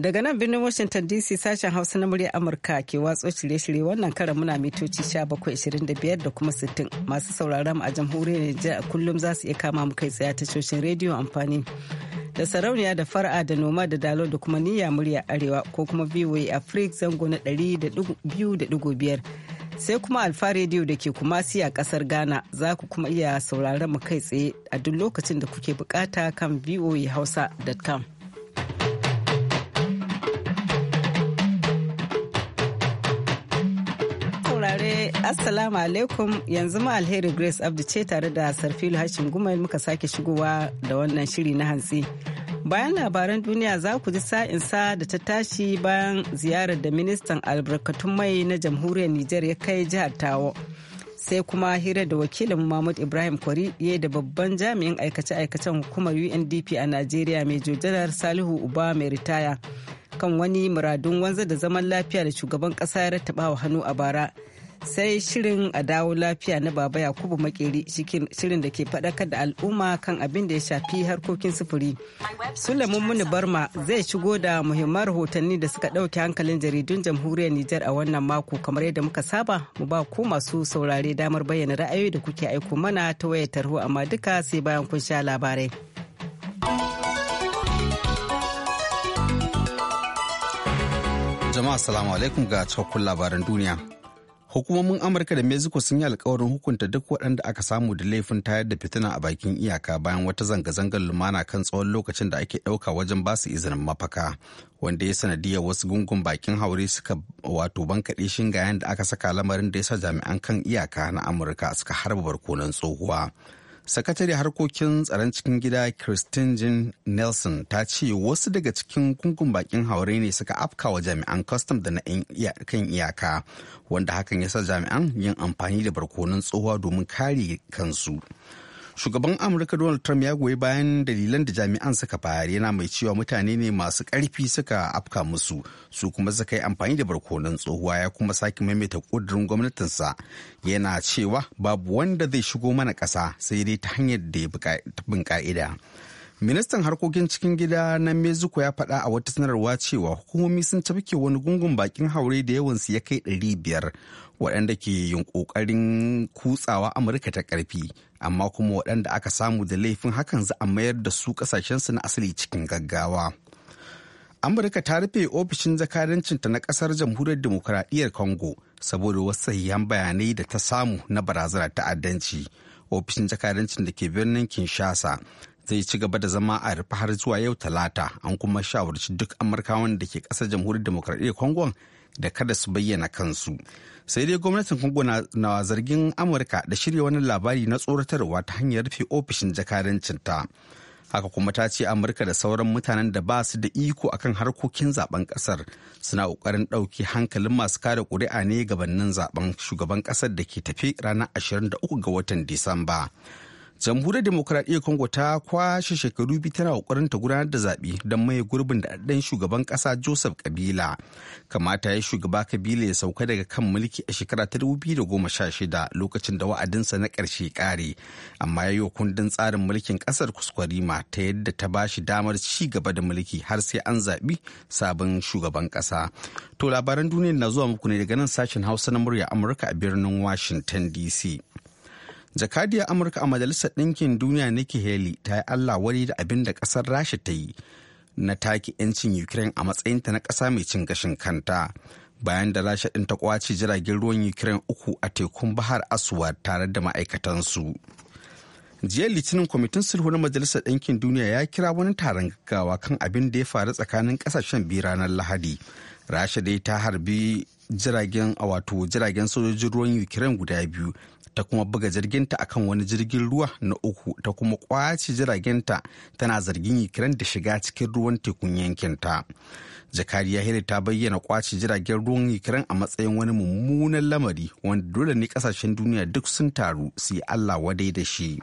Daga nan birnin Washington DC sashen Hausa na murya Amurka ke watso shirye-shirye wannan karan muna mitoci 1725 da kuma 60 masu sauraron a jamhuriyar Nijar a kullum za su iya kama mu kai tsaye tashoshin rediyo amfani da sarauniya da fara'a da noma da dalo da kuma niyya murya arewa ko kuma VOA afrik zango na biyu da biyar sai kuma alfa rediyo da ke kuma a kasar ghana za ku kuma iya sauraron mu kai tsaye a duk lokacin da kuke bukata kan hausa.com saurare Assalamu alaikum yanzu ma alheri Grace Abdu ce tare da Sarfilu Hashin gumai muka sake shigowa da wannan shiri na hantsi. Bayan labaran duniya za ku ji sa'in sa da ta tashi bayan ziyarar da ministan albarkatun mai na jamhuriyar Nijar ya kai jihar Tawo. Sai kuma hira da wakilin Mahmud Ibrahim Kwari ya da babban jami'in aikace-aikacen hukumar UNDP a Najeriya mai jojanar Salihu Uba mai ritaya. kan wani muradun wanzar da zaman lafiya da shugaban kasa ya rattaba wa hannu a bara sai shirin a dawo lafiya na baba yakubu makeri shirin da ke faɗakar da al'umma kan abin da ya shafi harkokin sufuri Sule muni barma zai shigo da muhimman rahotanni da suka ɗauke hankalin jaridun jamhuriyar nijar a wannan mako kamar yadda muka saba mu ba ku masu saurare damar bayyana ra'ayoyi da kuke aiko mana ta wayar tarho amma duka sai bayan kun sha labarai jama'a salamu alaikum ga cikakkun labaran duniya hukumomin amurka da mexico sun yi alkawarin hukunta duk waɗanda aka samu da laifin tayar da fitina a bakin iyaka bayan wata zanga-zangar lumana kan tsawon lokacin da ake ɗauka wajen basu izinin mafaka wanda ya sanadiyar wasu gungun bakin haure suka wato bankaɗe shingayen da aka saka lamarin da ya sa jami'an kan iyaka na amurka suka harba barkonan tsohuwa sakatare harkokin tsaron cikin gida christine jean nelson ta ce wasu daga cikin gungun bakin haure ne suka afka wa jami'an kwastam da na kan iyaka wanda hakan ya sa jami'an yin amfani da barkonon tsohuwa domin kare kansu shugaban amurka donald trump ya goyi bayan dalilan da jami'an suka bayar yana mai cewa mutane ne masu karfi suka afka musu su kuma suka yi amfani da barkonon tsohuwa ya kuma sake maimaita kudurin gwamnatinsa yana cewa babu wanda zai shigo mana kasa sai dai ta hanyar da ya bin ka'ida. ministan harkokin cikin gida na mexico ya faɗa a wata sanarwa cewa hukumomi sun tafke wani gungun bakin haure da yawansu ya kai 500 waɗanda ke yin ƙoƙarin kutsawa amurka ta ƙarfi amma kuma waɗanda aka samu da laifin hakan za a mayar da su ƙasashensu na asali cikin gaggawa. amurka ta rufe ofishin zakarancinta na ƙasar jamhuriyar demokuraɗiyyar congo saboda wasu sahihan bayanai da ta samu na barazanar ta'addanci ofishin zakarancin da ke birnin kinshasa zai ci gaba da zama a rufe har zuwa yau talata an kuma shawarci duk amurkawan da ke ƙasar jamhuriyar demokuraɗiyyar congo da kada su bayyana kansu sai dai gwamnatin kongo na zargin amurka da shirya wani labari na tsoratarwa ta hanyar rufe ofishin jakadancinta haka kuma ta ce amurka da sauran mutanen da ba su da iko akan harkokin zaben kasar suna kokarin ɗauki hankalin masu kare kuri'a ne gabanin zaben shugaban kasar da ke tafi ranar 23 ga watan disamba jamhuriyar demokuraɗiyyar congo ta kwashe shekaru biyu tana kokarin ta gudanar da zaɓe don maye gurbin da ɗan shugaban ƙasa joseph kabila kamata ya shugaba kabila ya sauka daga kan mulki a shekara ta shida lokacin da wa'adinsa na ƙarshe kare amma ya yi wa kundin tsarin mulkin ƙasar kuskwarima ta yadda ta ba shi damar ci gaba da mulki har sai an zaɓi sabon shugaban ƙasa to labaran duniya na zuwa muku ne daga nan sashen hausa na murya amurka a birnin washington dc jakadiyar amurka a majalisar ɗinkin duniya nikki haley ta yi allah wani da abin da ƙasar rasha ta yi na taki 'yancin ukraine a matsayinta na ƙasa mai cin gashin kanta bayan da rasha ɗin ta kwace jiragen ruwan ukraine uku a tekun bahar aswad tare da ma'aikatansu jiya litinin kwamitin sulhu na majalisar ɗinkin duniya ya kira wani taron gaggawa kan abin da ya faru tsakanin ƙasashen biyu ranar lahadi rasha dai ta harbi jiragen a wato jiragen sojojin ruwan ukraine guda biyu ta kuma buga jirginta akan wani jirgin ruwa na uku ta kuma kwace jiragenta tana zargin ukraine da shiga cikin ruwan tekun yankinta jakariya hiri ta bayyana kwace jiragen ruwan ukraine a matsayin wani mummunan lamari wanda dole ne kasashen duniya duk sun taru su yi allah wadai da shi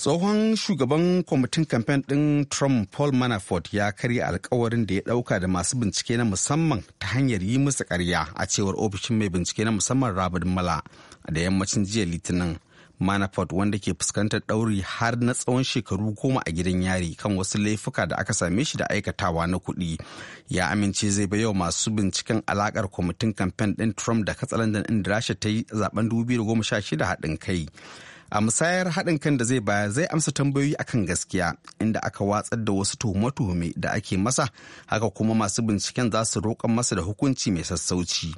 tsohon shugaban kwamitin kamfen ɗin trump paul manafort ya karya alkawarin da ya ɗauka da masu bincike na musamman ta hanyar yi musu karya a cewar ofishin mai bincike na musamman robert mala da yammacin jiya litinin manafort wanda ke fuskantar ɗauri har na tsawon shekaru goma a gidan yari kan wasu laifuka da aka same shi da aikatawa na kuɗi ya amince zai bayo masu binciken alakar kwamitin kamfen ɗin trump da katsalandan inda rasha ta yi zaben 2016 haɗin kai a musayar haɗin kan da zai baya zai amsa tambayoyi akan gaskiya inda aka watsar da wasu tuhume-tuhume da ake masa haka kuma masu binciken za su roƙa masa da hukunci mai sassauci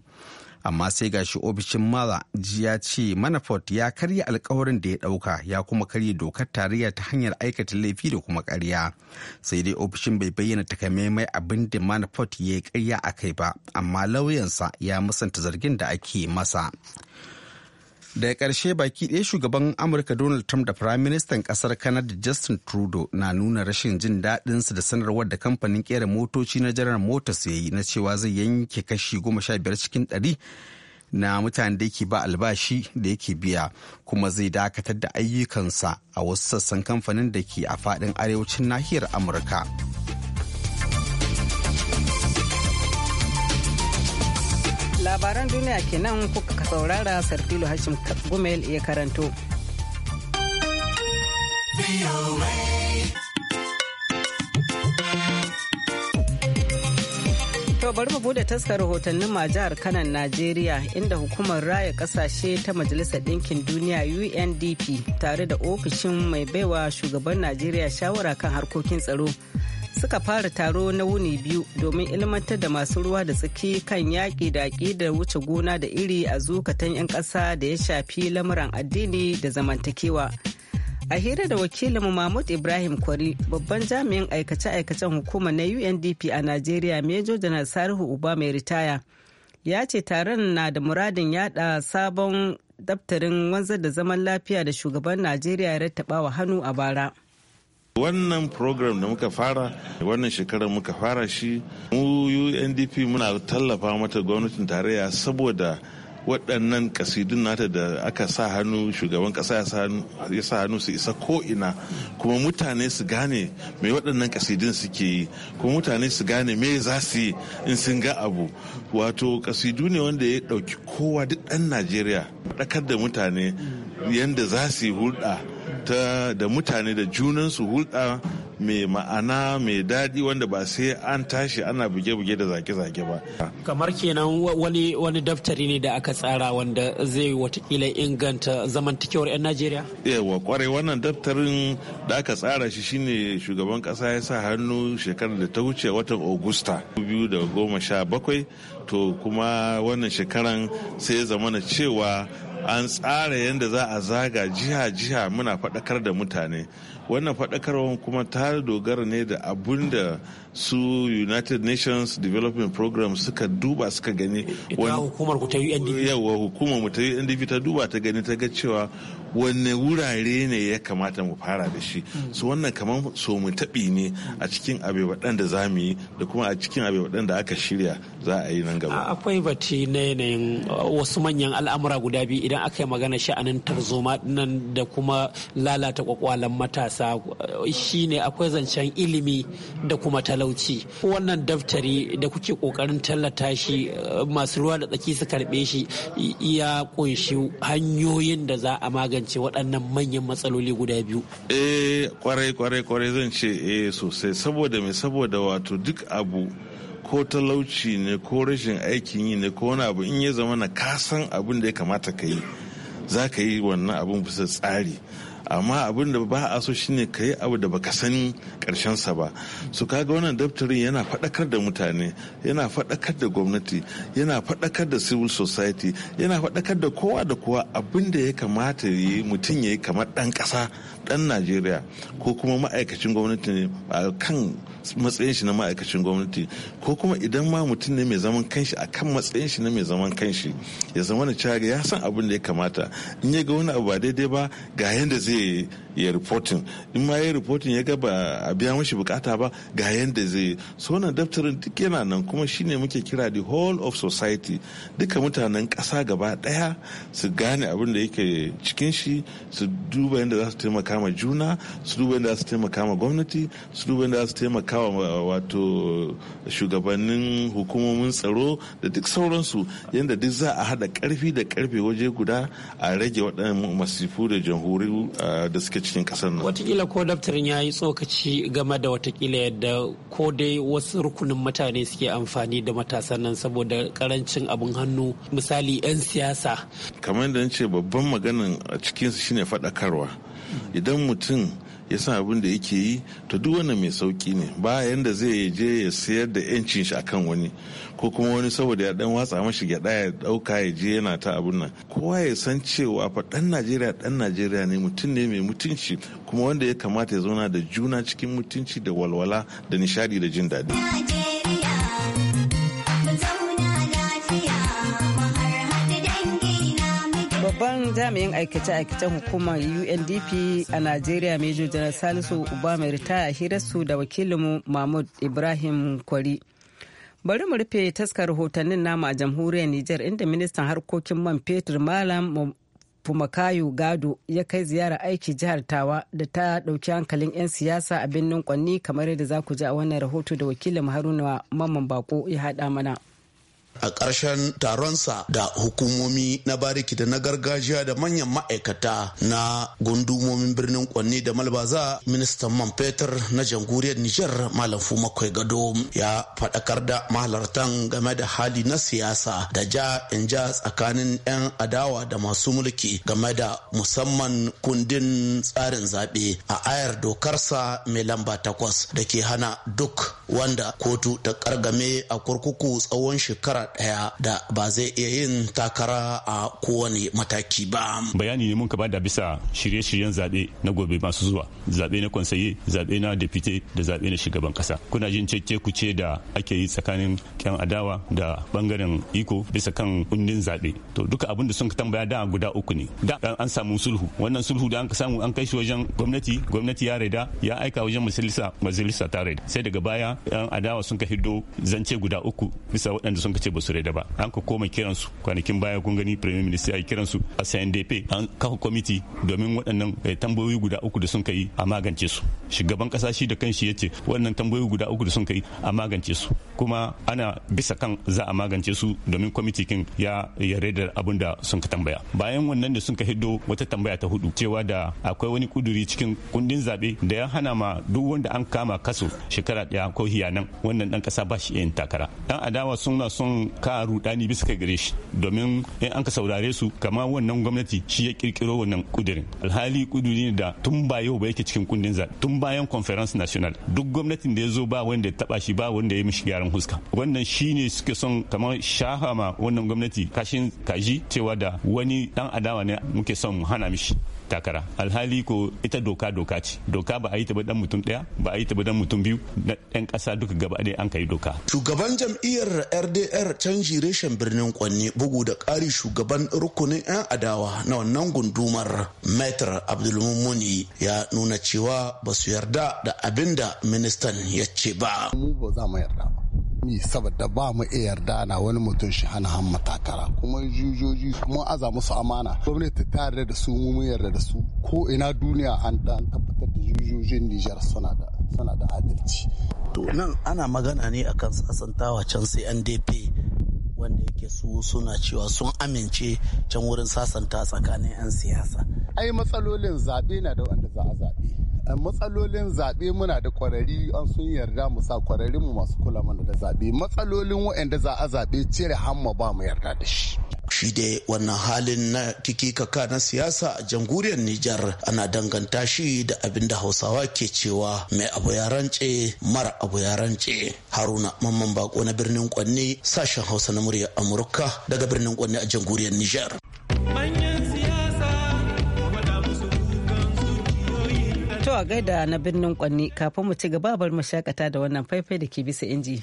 amma sai gashi ofishin mala ya ce manafort ya karya alkawarin da ya ɗauka ya kuma karya dokar tarayya ta hanyar aikata laifi da kuma karya sai dai ofishin bai bayyana takamaimai abin da manafort ya yi karya a kai ba amma lauyansa ya musanta zargin da ake masa daga ƙarshe baki ɗaya shugaban amurka donald trump da minister ƙasar canada justin trudeau na nuna rashin jin daɗinsu da sanarwar da kamfanin ƙera motoci na jarar motors ya yi na cewa zai yanke kashi goma sha biyar cikin ɗari na mutane da yake ba albashi da yake biya kuma zai dakatar da ayyukansa a wasu sassan kamfanin da ke a faɗin arewacin nahiyar amurka. labaran duniya kenan kuka saurara sarfilo hashim gumel ya karanto bari mu bude taskar rahotannin majiyar jihar Kanan Najeriya inda hukumar raya kasashe ta Majalisar Ɗinkin Duniya UNDP tare da ofishin mai baiwa shugaban Najeriya shawara kan harkokin tsaro suka fara taro na wuni biyu domin ilmantar da masu ruwa da tsaki kan yaƙi da da wuce gona da iri a zukatan 'yan ƙasa da ya shafi lamuran addini da zamantakewa. A hira da Wakilin Mahmud Ibrahim Kwari babban jami'in aikace-aikacen Hukumar na UNDP a Najeriya Major Janar Sarihu Uba mai ritaya ya ce taron na da muradin yada sabon daftarin wanzar da zaman lafiya da shugaban Najeriya ya wa hannu a bara. wannan program da muka fara wannan shekarar muka fara shi mu undp muna tallafa mata gwamnatin tarayya saboda waɗannan kasidun nata da aka sa hannu shugaban ƙasa ya sa hannu su isa ko'ina kuma mutane su gane me waɗannan kasidun suke yi kuma mutane su gane me za su yi in sun ga abu wato ƙasidu ne wanda ya ɗauki kowa duk ɗan najeriya ɗakar da mutane yadda za su yi hulɗa ta da mutane da junan su hulɗa mai ma'ana mai daɗi wanda ba sai an tashi ana buge-buge da zage-zage ba. Kamar kenan wani wani daftari ne da aka tsara wanda zai watakila inganta zamantakewar 'yan Najeriya? Yawa kwarai wannan daftarin da aka tsara shi shine shugaban ƙasa ya sa hannu shekarar da ta wuce watan sha 2017 to kuma wannan shekaran sai ya zamana cewa an tsara yadda za a zaga jiha-jiha muna faɗakar da mutane wannan faɗakarwar kuma ta dogara ne da abun da su united nations development program suka duba suka gani ita hukumar ku ta undp ta duba ta gani ta ga cewa wanne wurare ne ya kamata mu fara da shi hmm. su wannan kamar so mu taɓi ne a cikin abe waɗanda za mu yi da kuma a cikin abe waɗanda aka shirya za a yi nan gaba akwai bati na yanayin uh, wasu manyan al'amura guda biyu idan aka yi magana sha'anin tarzoma nan da kuma lalata kwakwalan matasa uh, shine akwai zancen ilimi da kuma talauci wannan daftari da kuke kokarin tallata shi uh, masu ruwa da tsaki su karɓe shi ya ƙunshi hanyoyin da za a magance waɗannan manyan matsaloli guda biyu eh kwarai kwarai kwarai zan ce eh sosai saboda mai saboda wato duk abu ko talauci ne ko rashin aikin yi ne ko wani abu in ya zama na kasan abin da ya kamata ka yi za ka yi wannan abin bisa tsari amma abin da ba a so shine ka yi abu da baka sani karshen sa ba su kaga wannan daftarin yana faɗakar da mutane yana faɗakar da gwamnati yana faɗakar da civil society yana faɗakar da kowa da kowa abin da ya kamata ya yi mutum ya yi kamar ɗan ƙasa dan najeriya ko kuma ma'aikacin gwamnati ne a kan matsayin shi na ma'aikacin gwamnati ko kuma idan ma mutum ne mai zaman kanshi a kan matsayin shi na mai zaman kanshi ya zama na cewa ya san abin da ya kamata in ya ga wani abu ba daidai ba ga yadda zai ya reportin in ma ya reportin ya ga ba a biya mashi bukata ba ga yadda zai so wannan daftarin duk yana nan kuma shine muke kira the whole of society duka mutanen kasa gaba daya su gane abin da yake cikin shi su duba yadda za su taimaka taimaka juna su duba da su taimaka ma gwamnati su duba da su taimaka wa wato shugabannin hukumomin tsaro da duk sauransu yadda duk za a hada karfi da karfi waje guda a rage waɗannan masifu da jamhuri da suke cikin kasar nan. Watakila ko daftarin ya yi tsokaci game da watakila yadda ko dai wasu rukunin mutane suke amfani da matasan nan saboda karancin abin hannu misali 'yan siyasa. Kamar da ce babban maganin a cikinsu shine faɗakarwa. idan mutum ya san abin da yake yi to duk wannan mai sauki ne ba yanda zai je ya sayar da yancin shi akan wani ko kuma wani saboda ya dan watsa mashi gyada ya dauka ya je yana ta abun nan kowa ya san cewa fa dan Najeriya dan Najeriya ne mutum ne mai mutunci kuma wanda ya kamata ya zauna da juna cikin mutunci da walwala da nishadi da jin daɗi. jami'in aikace-aikacen hukumar UNDP a Najeriya Major General Salisu Uba mai ritaya hirarsu da wakilinmu Mahmud Ibrahim Kwari. Bari mu rufe taskar rahotannin namu a jamhuriyar Nijar inda ministan harkokin man fetur Malam Fumakayo Gado ya kai ziyara aiki jihar Tawa da ta ɗauki hankalin 'yan siyasa a birnin Kwanni kamar yadda za ku ji a wannan rahoto da wakilin Haruna Mamman Bako ya haɗa mana. a ƙarshen taronsa da hukumomi na bariki da na gargajiya da manyan ma'aikata na gundumomin birnin kwanni da malbaza ministan man fetur na jamhuriyar nijar malam makwai gado ya faɗakar da mahalartan game da hali na siyasa da ja in ja tsakanin 'yan adawa da masu mulki game da musamman kundin tsarin zaɓe a ayar dokarsa mai lamba takwas da ke hana duk wanda kotu ta kargame a kurkuku tsawon shekara daya da ba zai iya yin takara a kowane mataki ba. Bayani ne mun ka da bisa shirye-shiryen zaɓe na gobe masu zuwa zaɓe na kwansaye zaɓe na depute da zaɓe na shugaban ƙasa. Kuna jin ku ce da ake yi tsakanin yan adawa da bangaren iko bisa kan kundin zaɓe. To duka abin da sun ka tambaya da guda uku ne. Da an samu sulhu wannan sulhu da an ka samu an kai shi wajen gwamnati gwamnati ya raida ya aika wajen majalisa majalisa ta raida sai daga baya yan adawa sun ka hiddo zance guda uku bisa waɗanda sun ka ce ba su da ba an ka koma kiran su kwanakin baya kun gani premier minister ya kiran su a CNDP an kafa kwamiti domin waɗannan eh, tambayoyi guda uku da sun kai a magance su shugaban kasa shi da kanshi ya ce waɗannan tambayoyi guda uku da sun kai a magance su kuma ana bisa kan za a magance su domin committee kin ya yare da abin sun ka tambaya bayan wannan da sun ka hiddo wata tambaya ta hudu cewa da akwai wani kuduri cikin kundin zabe da ya hana ma duk wanda an kama kaso shekara daya ko hiyanan wannan dan kasa ba shi yin takara dan adawa suna son samu ka rudani bisa ka gare shi domin in an ka saurare su kama wannan gwamnati shi ya kirkiro wannan kudirin alhali kuduri da tun ba yau ba yake cikin kundin zaɓe tun bayan conference national duk gwamnatin da ya zo ba wanda ya taba shi ba wanda ya mishi gyaran huska wannan shine suke son kamar shahama wannan gwamnati kashin kaji cewa da wani dan adawa ne muke son mu hana mishi takara alhali ko ita doka doka ce doka ba a yi ta ba dan mutum daya ba a yi ta ba dan mutum biyu na yan kasa duka gaba ɗaya an kai doka shugaban jam'iyyar rdr canji reshen birnin kwanne bugu da ƙari shugaban rukunin yan adawa na wannan gundumar metr abdulmumuni ya nuna cewa ba su yarda da abin da ministan ya ce ba mu ba za mu yarda ba mi saboda ba mu iya yarda na wani mutum shi hana han matakara kuma jujoji mun aza musu amana gwamnati ta yarda da su mu mun yarda da su ko ina duniya an tabbatar da jujojin Nijar suna da suna da adalci to nan ana magana ne akan sasantawa can sai NDP wanda yake su suna cewa sun amince can wurin sasanta tsakanin 'yan siyasa. Ai matsalolin zaɓe na da wanda za a zaɓe. matsalolin zaɓe muna da kwarari an sun yarda mu sa kwararin mu masu kula mana da zaɓe matsalolin waɗanda za a zaɓe cire hamma ba mu yarda da shi shi dai wannan halin na kaka na siyasa a jamhuriyar Nijar ana danganta shi da abin da Hausawa ke cewa mai abu ya rance mara abu ya rance Haruna Mamman Bako na birnin Kwanne sashen Hausa na muryar Amurka daga birnin Kwanne a jamhuriyar Nijar. To a gaida na birnin Kwanne kafin mu ci gaba bar mu shakata da wannan faifai da ke bisa inji.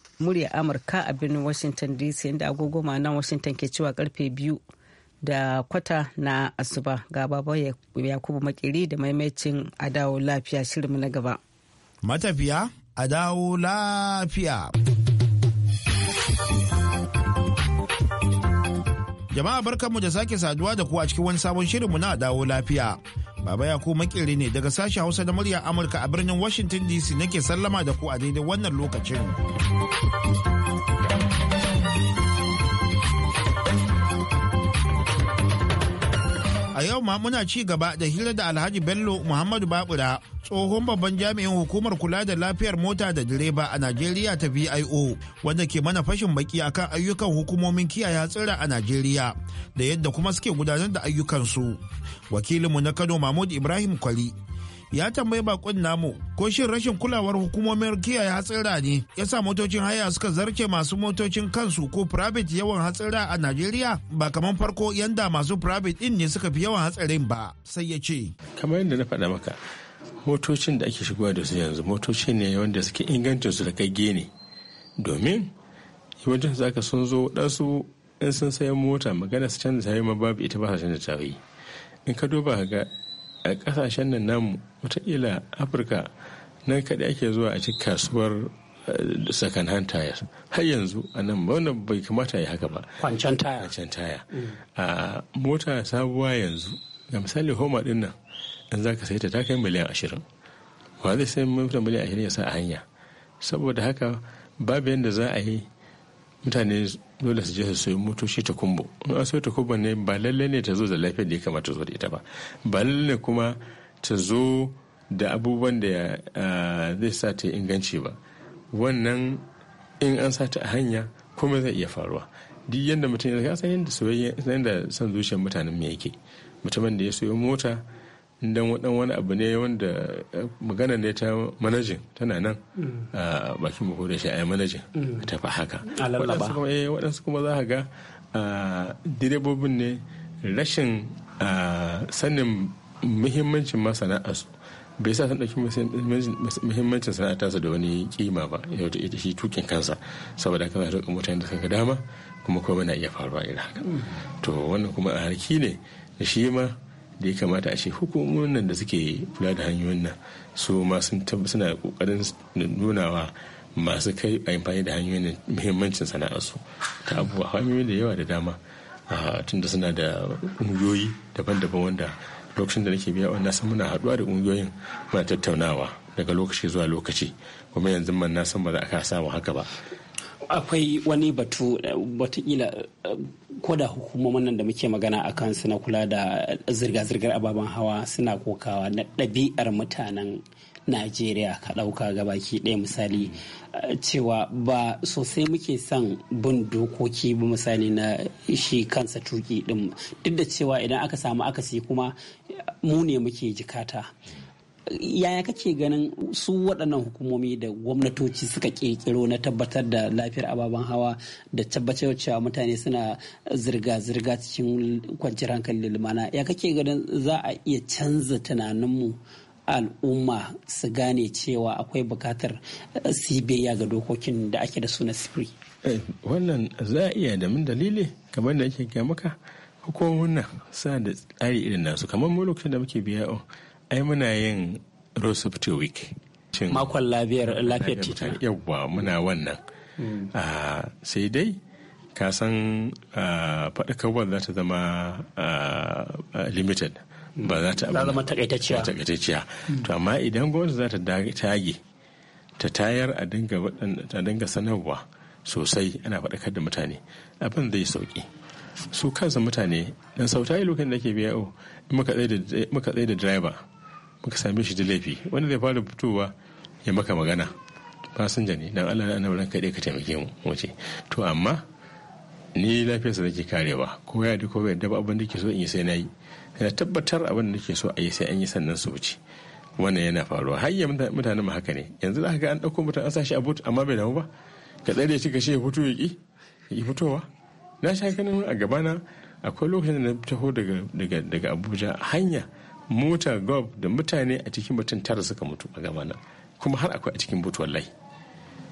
murya amurka a birnin washington dc inda agogo nan washington ke cewa karfe biyu da kwata na asuba ga baba yakubu makiri da maimacin a dawo lafiya shirinmu na gaba matafiya a dawo lafiya Jama'a barkanmu da sake saduwa da ku a cikin wani sabon shirinmu na dawo lafiya. Baba ya ku makere ne daga sashi Hausa da murya Amurka a birnin Washington DC nake sallama da ku a daidai wannan lokacin. A yau ma muna ci gaba da hira da Alhaji Bello Muhammadu Babura, tsohon babban jami'in hukumar kula da lafiyar mota da direba a Najeriya ta VIO, wanda ke mana fashin baki akan ayyukan hukumomin kiyaye hatsira a Najeriya da yadda kuma suke gudanar da ayyukansu. Wakilinmu na Kano Mahmud Ibrahim Kwari. ya tambayi bakon namu ko shin rashin kulawar hukumomin kiyaye hatsira ne ya sa motocin haya suka zarce masu motocin kansu ko private yawan hatsira a Najeriya ba kamar farko yanda masu private din ne suka fi yawan hatsarin ba sai ya ce kamar yadda na faɗa maka motocin da ake shigowa da su yanzu motoci ne wanda suke ingancin su da kage ne domin yawancin su aka sun zo ɗansu in sun sayan mota magana su canza tayoyi ma babu ita ba su canza tayoyi in ka duba ga a kasashen nan namu watakila afirka nan kaɗai ake zuwa a ci kasuwar eh, second hand tires har yanzu a nan wannan bai kamata ya haka ba kwancen taya kwancen taya mm. a mota sabuwa yanzu ga misali homa din nan in za ka sayi ta ta kai miliyan ashirin wa zai sai mafi miliyan ashirin ya sa a hanya saboda haka babu yadda za a yi mutane dole su je su sayi motoci ta kumbo in an sayo ta kumbo ne ba lallai ne ta zo da lafiyar da ya kamata zo da ita ba ba ne kuma ta zo da abubuwan da zai sa ta inganci ba wannan in an sa ta a hanya kuma zai iya faruwa duk yadda mutum ya san yadda son zuciyar mutanen me yake mutumin da ya sayo mota dan wadan wani abu ne wanda eh, magana ne ta manajin tana nan mm. a bakin buhu da shi a manajin mm. ta fa haka eh, waɗansu kuma za a ga direbobin ne rashin sanin muhimmancin su bai sa san ɗauki muhimmancin sana'a tasa da wani kima ba yau ita shi tukin kansa saboda haka za ta mutane da suka dama kuma kuma na iya faruwa irin haka mm. to wannan kuma a harki ne da shi ma da ya kamata a ce hukumomin nan da suke kula da hanyoyin nan su ma suna kokarin nunawa masu kai amfani da hanyoyin nan muhimmancin sana'arsu ta abubuwa hanyoyi da yawa da dama tunda suna da ƙungiyoyi daban-daban wanda lokacin da nake biya wanda san muna haɗuwa da ƙungiyoyin muna tattaunawa daga lokaci zuwa lokaci kuma yanzu man na san ba za a kasa mu haka ba akwai wani batu watakila ko da hukumomin nan da muke magana a kan na kula da zirga-zirgar ababen hawa suna kokawa na ɗabi'ar mutanen najeriya ka ɗauka gabaki ɗaya misali cewa ba sosai muke son bin dokoki ba misali na shi kansa tuki ɗin duk da cewa idan aka samu akasi kuma mu ne muke jikata yaya kake ganin su waɗannan hukumomi da gwamnatoci suka ƙirƙiro na tabbatar da lafiyar ababen hawa da tabbatar cewa mutane suna zirga-zirga cikin kwanciyar hankali lumana ya kake ganin za a iya canza tunaninmu al'umma su gane cewa akwai bukatar sibiyayya ga dokokin da ake da su na sifiri. Eh, wannan za a iya da min dalili kamar da ake maka hukumomin nan sa da tsari irin nasu kamar mu lokacin da muke biya ai muna yin rose of the week makon lafiyar lafiyar tituna yawwa muna wannan hmm. ah, sai dai ka san ah, faɗakarwar za ta zama ah, limited hmm. ba za ta zama takaitacciya hmm. to amma idan gwamnati za ta tage ta tayar a dinga sanarwa sosai ana faɗakar da mutane abin zai sauki su kansa mutane dan sauta lokacin da ke biya o oh, muka tsaye da driver muka same shi da laifi wanda zai fara fitowa ya maka magana fasinja ne dan Allah na ran kai ka taimake mu ce to amma ni lafiyarsa nake karewa ko ya ko bai da abin da ke so in yi sai na yi na tabbatar abin da ke so a yi sai an yi sannan su wuce wannan yana faruwa har yi mutanen mu haka ne yanzu za ga an ɗauko mutum an sa shi a but amma bai damu ba ka tsare shi ka shi ya fito ya ki ya fitowa na sha kanin a gabana akwai lokacin da na taho daga abuja hanya mota gob da mutane a cikin mutum tara suka mutu a nan kuma har akwai a cikin butu wallahi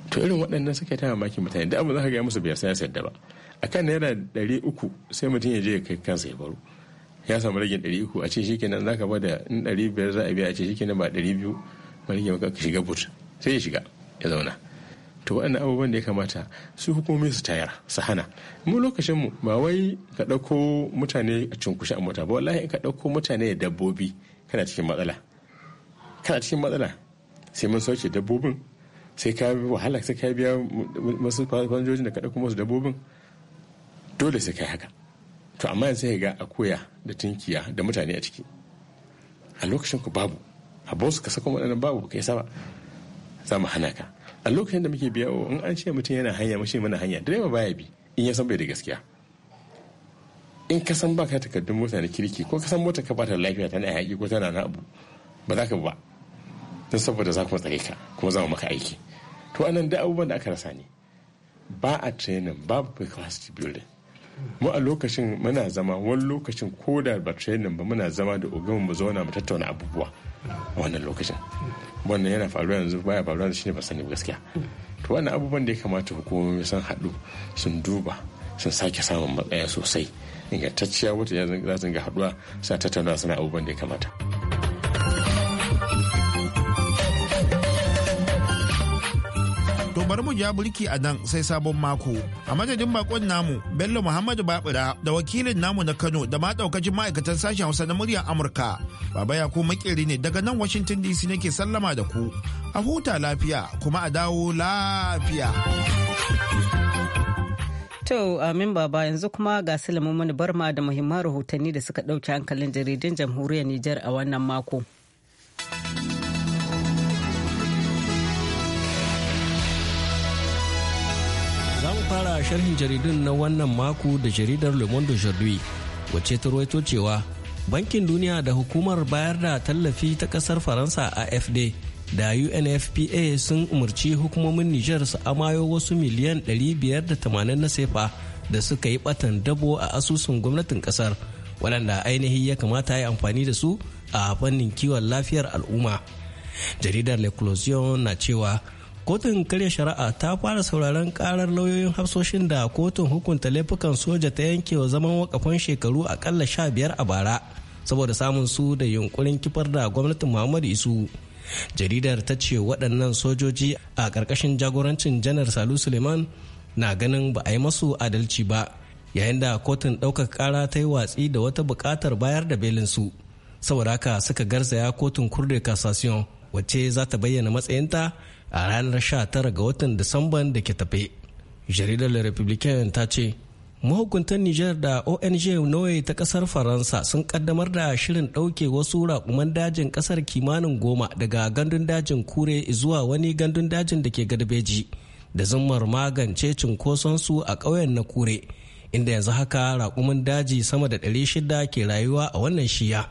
to irin waɗannan suka ta mamakin mutane da abu za ka gaya musu biyar sai ya sayar ba akan naira ɗari uku sai mutum ya je ya kai kansa ya baro ya samu ragin ɗari uku a ce shi nan za ka ba da in ɗari biyar za a biya a ce shi nan ba ɗari biyu ba rage maka ka shiga but sai ya shiga ya zauna to waɗannan abubuwan da ya kamata su hukumomi su tayar su hana mu lokacin mu ba wai ka ɗauko mutane a cunkushe a mota ba wallahi ka ɗauko mutane da dabbobi kana cikin matsala kana cikin matsala sai mun sauke dabbobin sai ka wahala sai ka biya masu kwanjojin da ka ɗauko masu dabbobin dole sai ka haka to amma yanzu sai ga koya da tunkiya da mutane a ciki a lokacin ku babu a bosu ka sako waɗannan babu ka isa ba za mu hana ka a lokacin da muke biya oh, in an ce mutum yana hanya mace mana hanya direba baya bi in ya san bai da gaskiya in ka san baka takardun mota na kirki ko ka san mota ka bata lafiya tana haƙi ko tana na abu ba za ka ba don saboda za ku tsare ka kuma za mu maka aiki to anan da abubuwan da aka rasa ne ba a training babu capacity building mu a lokacin muna zama wani lokacin ko da ba training ba muna zama da ogan mu zauna mu tattauna abubuwa a wannan lokacin wannan yana faruwa yanzu baya faruwa da shine ba sani gaskiya to wannan abubuwan da ya kamata hukumomi sun haɗu sun duba sun sake samun matsaya sosai ingantacciya wata za su ga haɗuwa suna tattauna suna abubuwan da ya kamata. bar mu ja burki a nan sai sabon mako. A madadin bakon namu Bello Muhammadu Babura da wakilin namu na Kano da ma daukacin ma'aikatan sashen Hausa na muryar Amurka. Baba ya ko makeri ne daga nan Washington DC nake sallama da ku. A huta lafiya kuma a dawo lafiya. To amin baba yanzu kuma ga mani Barma da muhimman rahotanni da suka ɗauki hankalin jaridan jamhuriyar Nijar a wannan mako. fara sharhin jaridun na wannan mako da jaridar Le Monde Aujourd'hui wacce ta rawaito cewa Bankin Duniya da hukumar bayar da tallafi ta kasar Faransa AFD da UNFPA sun umarci hukumomin Nijar su amayo wasu miliyan 580 na sefa da suka yi batan dabo a asusun gwamnatin kasar waɗanda ainihi ya kamata ya amfani da su a fannin kiwon lafiyar al'umma. Jaridar Le na cewa kotun karya shari'a ta fara sauraron karar lauyoyin hafsoshin da kotun hukunta laifukan soja ta yanke wa zaman wakafan shekaru akalla sha biyar a bara saboda samun su da yunkurin kifar da gwamnatin muhammadu isu jaridar ta ce waɗannan sojoji a ƙarƙashin jagorancin janar salu suleiman na ganin ba a yi masu adalci ba yayin da kotun ɗaukar ƙara ta yi watsi da wata buƙatar bayar da belinsu saboda haka suka garzaya kotun kurde cassation wacce za ta bayyana matsayinta a ranar 19 ga watan disamban da ke tafe jaridar republican ta ce mahukuntan niger da ong noe ta kasar faransa sun kaddamar da shirin ɗauke wasu raƙuman dajin kasar kimanin goma daga gandun dajin kure zuwa wani gandun dajin da ke garbeji da zummar magance su a ƙauyen na kure inda yanzu haka raƙumin daji sama da 600 ke rayuwa a wannan shiya.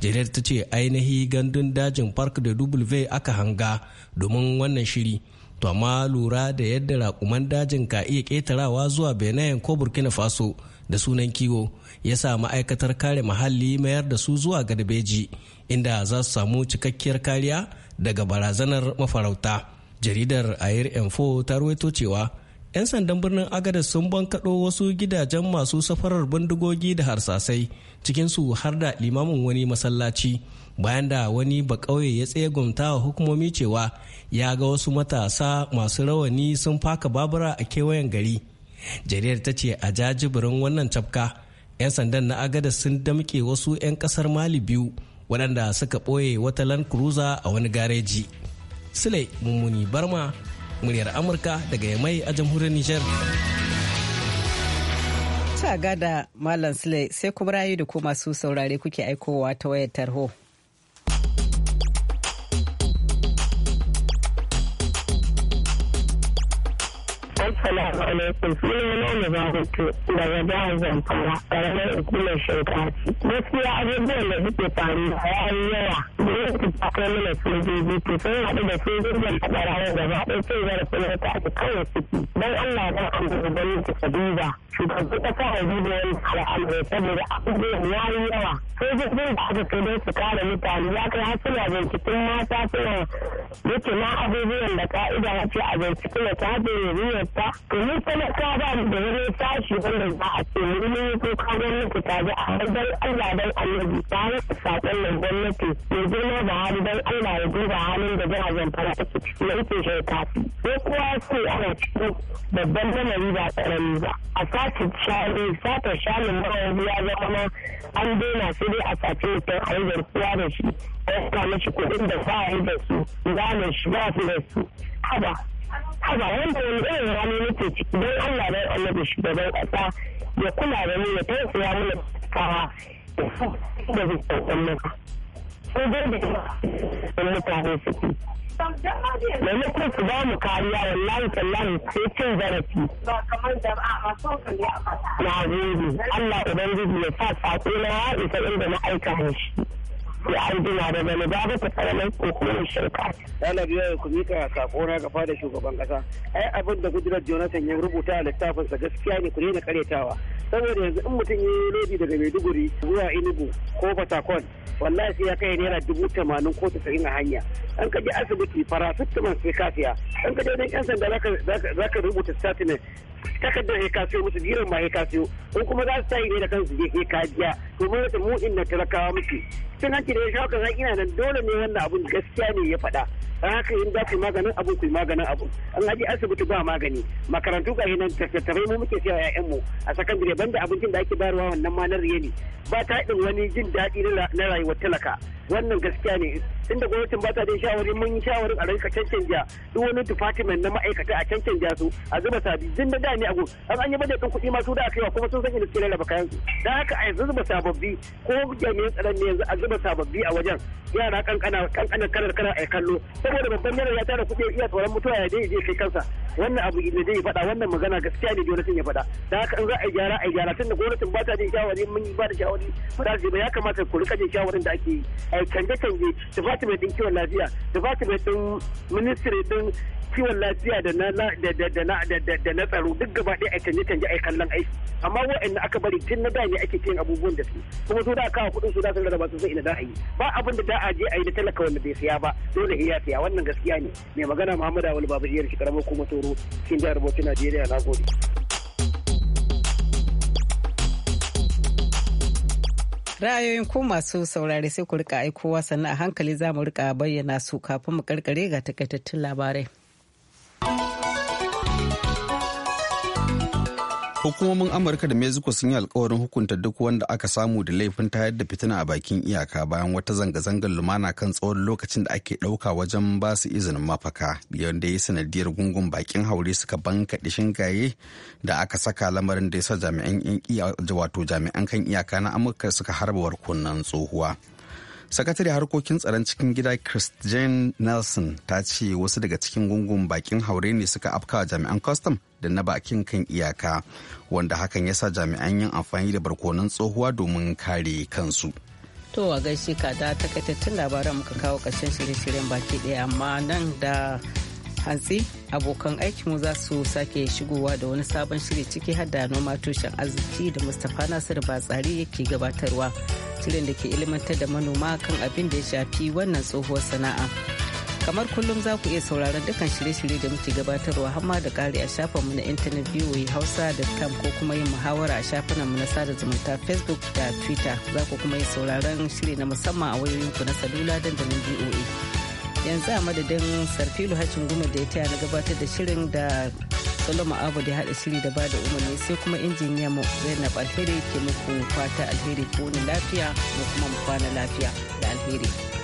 jaridar ta ce ainihi gandun dajin park da w aka hanga domin wannan shiri to amma lura da yadda raƙuman dajin ka iya ƙetarawa zuwa benin ko burkina faso da sunan kiwo ya sa ma'aikatar kare muhalli mayar da su zuwa garbeji inda za su samu cikakkiyar kariya daga barazanar mafarauta jaridar air info ta ruwaito cewa 'yan sandan birnin agada sun bankaɗo wasu gidajen masu safarar bindigogi da harsasai cikinsu har da limamin wani masallaci bayan da wani ba ƙauye ya tsegumta wa hukumomi cewa ya ga wasu matasa masu rawani sun faka babura a kewayen gari jaridar ta ce a jajibirin wannan cafka 'yan sandan na agada sun damƙe wasu 'yan ƙasar mali biyu waɗanda suka ɓoye wata land cruiser a wani gareji sule mummuni barma muryar amurka daga yamai a jamhuriyar nijar ta gada malam sule sai kuma rayu da ku masu saurare kuke aikowa ta wayar tarho Assalamu alaikum sunana na zarutu daga jihar Zamfara ƙaramar hukumar Shinkafi. Gaskiya abubuwan da suke faruwa ya yi yawa. Gwamnati ta kai mana sojoji to sun haɗu da sojojin da ɓarawa gaba ɗaya sai zarafin wata ake kawai ciki. Don Allah ba a da gwamnati ta duba. Shugaban ƙasa a duba wani al'amari saboda abubuwan ya yi yawa. Sojojin da aka kai don su kare mutane ya kai har suna binciken mata suna yake abubuwan da ka'ida ce a binciken da ta hajjiyar ba to ni talaka ba ni da wani tashi wanda za a ce ko ka kuka gwamnati ta ji a dan Allah dan Annabi ta yi sakon nan gwamnati ne ba hali dan Allah ya duba halin da jira zamfara a ciki na ita shi ta ko kuwa sai ana ciki babban lamari ba karami ba a sace shanu sace shanu mara ya kuma an dena su dai a sace ta hanyar yi da shi a yanka mashi kuɗin da ba yi da su ne shi ba su da su haba haka wanda wani irin rani nake ciki don Allah bai annabi shugaban kasa ya kula da ni ya tausaya mana kawa da su da zai tsotsan maka. Ko dai da mutane suke. Maimakon su ba mu kariya wallahi tallahi sai cin zarafi. Ba kamar jama'a masu kalli a Na gode Allah Ubangiji ya sa sako na ya isa inda na aika shi. ya arzina da zane ba ba ta karamar hukumar shirka. Dala biya ya kuma ka sako na gafa da shugaban kasa. Ai abin da gudunar Jonathan ya rubuta a littafinsa gaskiya ne ku daina karyatawa. Saboda yanzu in mutum ya yi lodi daga Maiduguri zuwa Enugu ko Fatakon wallahi sai ya kai naira dubu tamanin ko tasa'in a hanya. An ka je asibiti farasitamol sai ka An ka je don 'yan sanda za ka rubuta statement takardar ya kasiyo musu biran ma ya kasiyo in kuma za su tayi ne da kansu je ya kajiya to mun mu inna talakawa muke cin da ya shawo kaza ina nan dole ne wannan abun gaskiya ne ya faɗa haka yin dace maganin abun ku maganin abun an haji asibiti ba magani makarantu ga nan tattattafai mu muke siya yayan mu a sakandare ban da abincin da ake bayarwa wannan ma na riye ne ba ta wani jin daɗi na rayuwar talaka wannan gaskiya ne tunda gwamnatin ba ta da shawari mun yi shawarin a rinka cancanja duk wani department na ma'aikata a cancanja su a zuba sabi din da dani a gun an an yi bada kan kuɗi ma su da aka yawa kuma sun san inda suke rarraba kayan su da haka a yanzu zuba sababbi ko jami'an tsaron ne yanzu a zuba sababbi a wajen yara kankana kankana karar karar a kallo saboda babban yaro ya tara kuɗi iya tsoron mutuwa ya dai je kai kansa wannan abu da zai faɗa wannan magana gaskiya ne gwamnatin ya faɗa da haka in za a yi gyara a yi gyara tunda gwamnatin ba ta da shawari mun yi ba da shawari ba da ya kamata ku rika jin shawarin da ake yi a canje canje department din kiwon lafiya department din ministry din kiwon lafiya da na da na tsaro duk gaba ɗaya a canje canje ai kallon aiki amma wa'annan aka bari tun na da ne ake kiyan abubuwan da su kuma su da kawo kuɗin su da sun rarraba su zai ina da a yi ba abin da da a je a yi da talaka wanda bai siya ba dole ya siya wannan gaskiya ne mai magana muhammadu Awal Babu Iyar shi karamar kuma toro cikin jihar Bauchi Najeriya na gode. ra'ayoyin ko masu saurari sai ku rika aikowa sannan a hankali za mu rika bayyana su kafin mu karkare ga takaitattun labarai Hukumomin Amurka da Mexico sun yi alkawarin hukunta duk wanda aka samu da laifin tayar da fitina a bakin iyaka bayan wata zanga-zangar lumana kan tsawon lokacin da ake ɗauka wajen ba su izinin mafaka da ya sanadiyar gungun bakin haure suka banka bankaɗe shingaye da aka saka lamarin da ya sa jami'an wato jami'an kan iyaka na Amurka suka harba warkunan tsohuwa. sakatare harkokin tsaron cikin gida christian nelson ta ce wasu daga cikin gungun bakin haure ne suka afkawa jami'an kwastam da na bakin kan iyaka wanda hakan ya sa jami'an yin amfani da barkonon tsohuwa domin kare kansu. To a gaishe ka da takaitattun labaran muka kawo ƙarshen shirye-shiryen baki ɗaya amma nan da hantsi abokan mu za su sake shigowa da wani sabon shiri ciki har da noma tushen arziki da mustapha nasiru batsari yake gabatarwa shirin da ke ilimantar da manoma kan abin da ya shafi wannan tsohuwar sana'a. kamar kullum za ku iya sauraron dukkan shirye-shirye da muke gabatarwa hamma da kare a shafinmu na intanet da hausa.com ko kuma yin muhawara a mu na sada zumunta facebook da twitter za ku kuma yi sauraron shiri na musamman a wayoyinku na salula dandalin voa yanzu a madadin sarfilu hacin goma da ya taya na gabatar da shirin da solomon abu da haɗa shiri da bada umarni sai kuma injiniya mu zainab alheri ke muku fata alheri ko ni lafiya ko kuma mu kwana lafiya da alheri